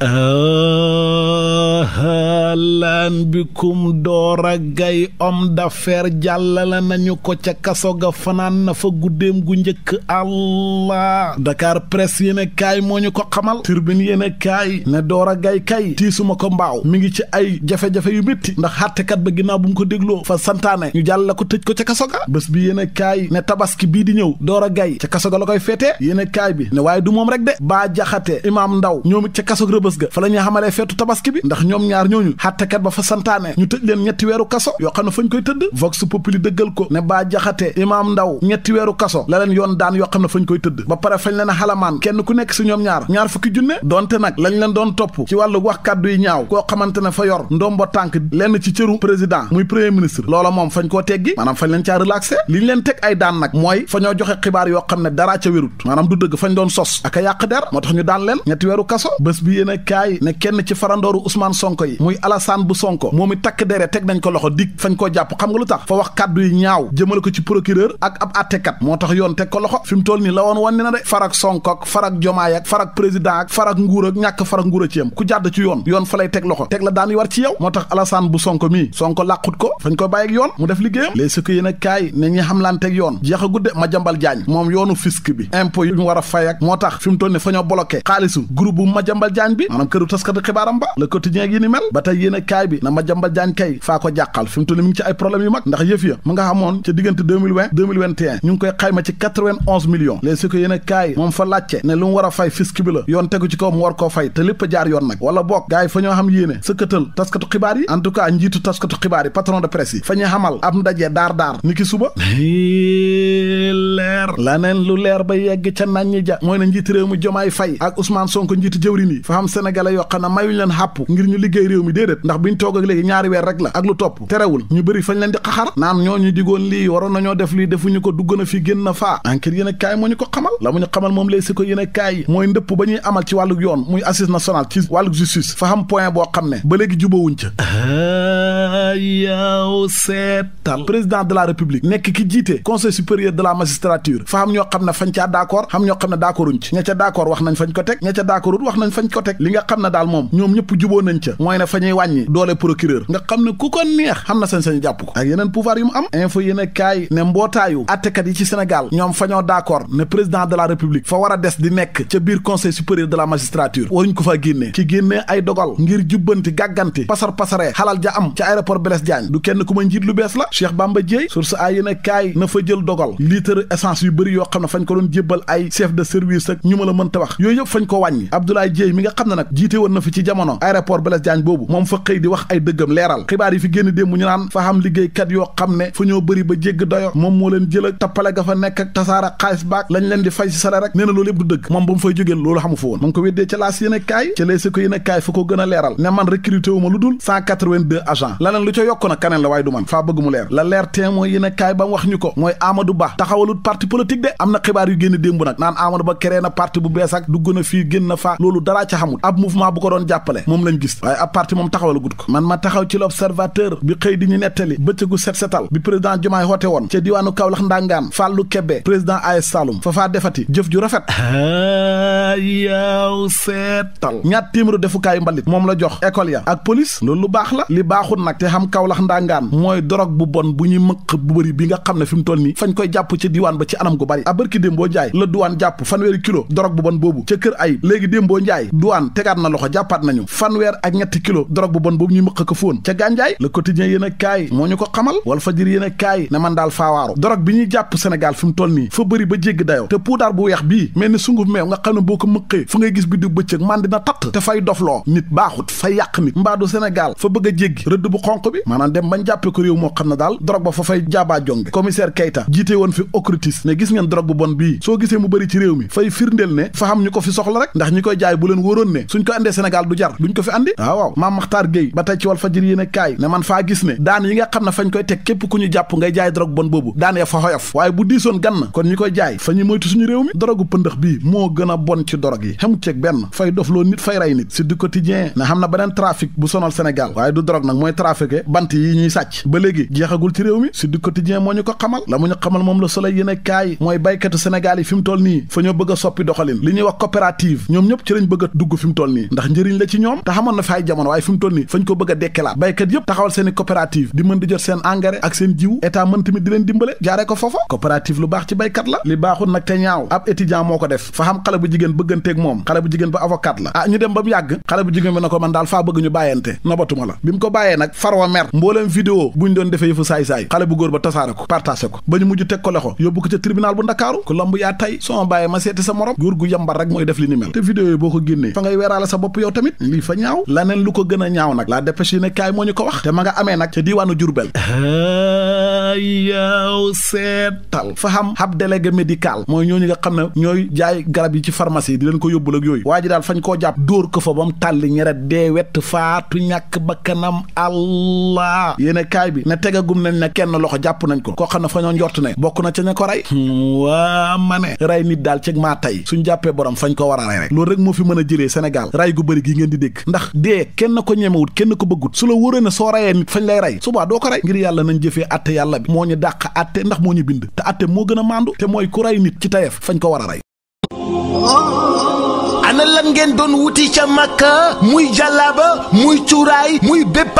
ahlan bikum Dora Gaye homme d'affaires jàllale nañu ko ca kaso ga fanaan na fa guddeem gu njëkk allah Dakar Presse yéen a kaay moo ñu ko xamal Tribune yéen a kaay ne Dora Gaye kay tiisuma ko mbaaw mi ngi ci ay jafe-jafe yu métti ndax xàttekat ba ginnaaw bu mu ko dégloo fa santaane ñu jàll ko tëj ko ca kaso ga bés bi yéen a kaay ne tabaski bii di ñëw Dora Gaye ca kaso ga la koy feetee yéen a kaay bi ne waaye du moom rek de baa jaxate imaam ndaw ñoom ca kaso rëbës ga fa la ñuy feetu tabaski bi ndax ñoom ñaar ñooñu xàttekat ba fa santaane ñu tëj leen ñetti weeru kaso yoo xam fañ koy tëdd vox populi dëggal ko ne baa jaxate imaam ndaw ñetti weeru kaso la leen yoon daan yoo xam fañ koy tëdd ba pare fañ leen xalamaan kenn ku nekk si ñoom ñaar ñaar fukki junne donte nag lañ leen doon topp ci wàllu wax kàddu yi ñaaw koo xamante ne fa yor ndombo tànk lenn ci cëru président muy premier ministre a kaay ne kenn ci farandooru Ousmane Sonko yi muy Alassane bu Sonko moom i takk dere teg nañ ko loxo dig fañ koo jàpp xam nga lu tax fa wax kàddu yi ñaaw jëmale ko ci procureur ak ab attekat moo tax yoon teg ko loxo fi mu toll nii la woon wan ni na de farak Sonko ak farak Jomaay ak farak président ak farak nguur ak ñàkk farak nguur a ci yam ku jàdd ci yoon yoon fa lay teg loxo teg la daan yi war ci yow moo tax Alassane bu Sonko mii Sonko làqut ko fañ ko bàyyi ak yoon mu def liggéeyam léeg a kaay ne yoon jeex a gudde ma jambal jaañ moom bi impôt ñu war fay ak moo tax fi mu toll nii fa ñoo bloqué xaalisu groupe ma jambal jaañ bi maanaam këru taskati xibaaram ba le quotidien ak yi ni mel ba tey yéen kaay bi na ma jambal jaañ kay faa ko jàqal fi mu ci ay problèmes yu mag ndax yëf ya mu nga xamoon ca diggante 2020 koy xayma ci 91 millions ko yéen kaay moom fa laajte ne lu mu a fay fisc bi la yoon tegu ci kaw war koo fay te lépp jaar yoon nag wala boog gars fa ñoo xam yéene sëkkatal taskatu xibaar yi en njiitu taskatu xibaar yi patron de presse yi fa ñu xamal ab ndaje lu leer ba yegg ca nañ ñi ja mooy ne njiitu réew mu jomaay fay ak Ousmane Sonko njiitu jëwrin yi fa xam sénégalais yoo xam ne mayuñ leen xàpp ngir ñu a a mooy ndëpp ba ñuy amal ci wàllu yoon muy assise nationale ci wàllu justice fa xam boo xam ne ba léegi jubawuñ ca yaaw seetal président de la république nekk ki jiite conseil supérieur de la magistrature fa ñoo xam ne fañ caa d'accord xam ñoo xam ne d'accorduñ ci ña ca wax nañ fañ ko teg ña ca wax nañ fañ ko teg li nga xam ne daal moom ñoom ñëpp juboo nañ ca mooy ne fa wàññi doole procureur nga xam ne ku ko neex xam na sañ-sañ jàpp ko ak yeneen pouvoir yu mu am info yéen a kaay ne mbootaayu attekat yi ci Sénégal ñoom fa ñoo d'accord ne président de la république fa war a des di nekk ca biir conseil supérieur de la magistrature waruñ ko fa génnee ci génnee ay dogal ngir jubbanti gàgganti pasar pasaree xalal ja am ci aéroport Blaise Diagne du kenn ku ma njiit lu bees la Cheikh Bamba Dièye source a yéen a kaay jël dogal litre essence yu bëri yoo xam ne ko doon jébbal ay chef de service ak ñu ma mën ta wax yooyu yëpp fañ ko wàññi Abdoulaye Dièye mi nga xam ne nag jiite na fi ci jamono aéroport Blaise Diagne boobu moom fa xibaar yi fi génn démb ñu naan fa xam liggéeykat yoo xam ne fu ñoo bëri ba jégg moom moo leen jël ak tappale ga fa nekk ak tasaara xaalis baak lañ leen di fay loolu yëpp du dëgg moom ba mu fay jógee loolu xamu fa woon ma ko weddee ca laas yéen a kaay ca leesi ko yéen a ko gën leeral ne man recruté wu ma lu dul 182 agent laneen lu ca yokk na kaneen la waaye du man faa bëgg mu leer la leer témoin yéen a kaay ba wax ñu ko mooy Amadou Ba taxawalut parti politique de am na xibaar yu génn démb nag naan Amadou Ba créé na parti bu bees ak dugg fii génn na faa loolu daraa ca xamut ab mouvement bu ko doon jàppale moom lañu gis waaye ab moom taxawal gut ko man ma taxaw ci l'observateur bi xëy di ñu nettali bëccëgu set setal bi président Diomaye woote woon ca diwaanu Kaolack ndangaan Fallou Kébé président AS Saloum fa faa defati jëf ju rafet yaaw seetal ñaat téeméeru defukaayu mbalit moom la jox école ya ak polis loolu lu baax la li baaxul nag te xam Kaolack ndangaan mooy dorog bu bon bu ñuy mëq bu bëri bi nga xam ne fi mu toll nii fañ koy jàpp ci diwaan ba ci anam gu bari a bërki démboo njaay la duwaan jàpp fanweeri kilo dorog bu bon boobu ca kër ayib léegi démboo njaay duwaan tegaat na loxo jàppaat nañu fanweer ak ñetti kilo drogue bu bon boobu ñuy mëq ko fóon ca gànjaay le quotidien yéen a kaay moo ñu ko xamal wal fajir yéen a kaay ne man daal faawaaru drogue bi ñuy jàpp Sénégal fi mu toll nii fa bëri ba jégg dayo te puudar bu weex bii mel ni sunguf meew nga xam ne boo ko mëqee fu ngay gis bi di bëccëg man na tatt te fay dofloo nit baaxut fay yàq nit mbaadu Sénégal fa bëgg a jéggi rëdd bu xonq bi maanaam dem bañ jàppee ko réew moo xam ne daal drogue ba fa fay jaabaa jonge commissaire jiite woon fi OCRTIS ne gis ngeen drogue bu bon bii soo gisee mu bëri ci réew mi fay firndeel ne ko fi soxla rek ndax ñi koy jaay bu leen wóoroon ne ne ko andee Sénégal du jar duñ ko fi andi waaw waaw maam Makhtar Gueye ba tey ci Walfadjri yéen a kaay ne man faa gis ne daan yi nga xam ne fañ koy teg képp ku ñu jàpp ngay jaay drogue bon boobu daan ya fa xoyof waaye bu diisoon gan na kon ñi koy jaay fa ñu moytu suñu réew mi drogue pëndëx bii moo gën a bon ci drogue yi xemu ceeg benn fay dof loo nit fay rey nit si du quotidien na xam na beneen trafic bu sonal Sénégal waaye du drogue nag mooy trafiqué bant yi ñuy sàcc ba léegi jeexagul ci réew mi si du quotidien moo ñu ko xamal la mu xamal moom la soleil yéen a kaay mooy baykatu Sénégal yi mu toll nii fa ñoo bëgg soppi doxalin li ñuy wax coopérative ñoom ñëpp ci lañ bëgg dugg fi mu ndax njëriñ la ci ñoom te xamoon na fay jamono waaye fi mu nii fañ ko bëgg a dekkelaat béykat yëpp taxawal seen i di mën di jot seen engrais ak seen jiwu état mën tamit di leen dimbale jaaree ko foofa coopérative lu baax ci béykat la li baaxul nag te ñaaw ab étudiant moo ko def fa xam xale bu jigéen bëgganteeg moom xale bu jigéen ba avocat la ah ñu dem ba mu yàgg xale bu jigéen bi na ko man daal faa bëgg ñu bàyyante nobatuma la bi weraale sa bopp yow tamit lii fa ñaaw laneen lu ko gën a ñaaw nag la dépêche yi ne kaay moo ñu ko wax te ma nga amee nag ca diiwaanu Jurbel yow seetal fa xam ab délégué médical mooy ñoo ñu nga xam ne ñooy jaay garab yi ci pharmacie di leen ko yóbbul ak yooyu waa ji daal fañ koo jàpp dóor ko fa ba mu tàlli ñeret dee wett faatu ñàkk bakkanam allah yéene kaay bi ne tegagum nañ ne kenn loxo jàpp nañ ko koo xam ne fa ñoo njort bokk na ca ña ko rey hmm, ma a rey rek Sénégal ray gu bëri gi ngeen di dégg ndax dee kenn ko ñemewut kenn ko bëggut su la wóoree ne soo rayee nit fañ lay rey subaa doo ko rey ngir yàlla nañ jëfee atte yàlla bi moo ñu dàq atte ndax moo ñu bind te atte moo gën a màndu te mooy ku rey nit ci tayef fañ ko war a rey ana lan ngeen doon wuti ca màkka muy jàllaaba muy cuuraay muy bépp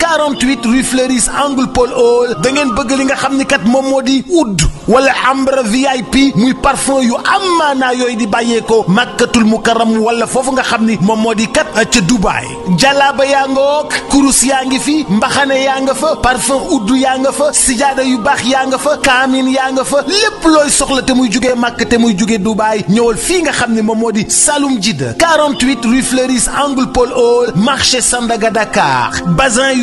48 rue Fleuris angle Paul Hall da bëgg li nga xam ni kat moom moo di oud wala ambre VIP muy parfum yu amaanaa yooyu di bàyyeekoo màkkatul mukaram wala foofu nga xam ni moom moo di kat ca Dubaay. jalaaba yaa nga wook kurus yaa ngi fi mbaxane yaa nga fa parfum oud yaa nga fa sijaada yu baax yaa nga fa kaamin yaa nga fa lépp looy soxla te muy jugee màkk te muy jugee Dubaay ñëwal fii nga xam ni moom moo di salum Jide 48 rue Fleuris angle Paul marché Sandaga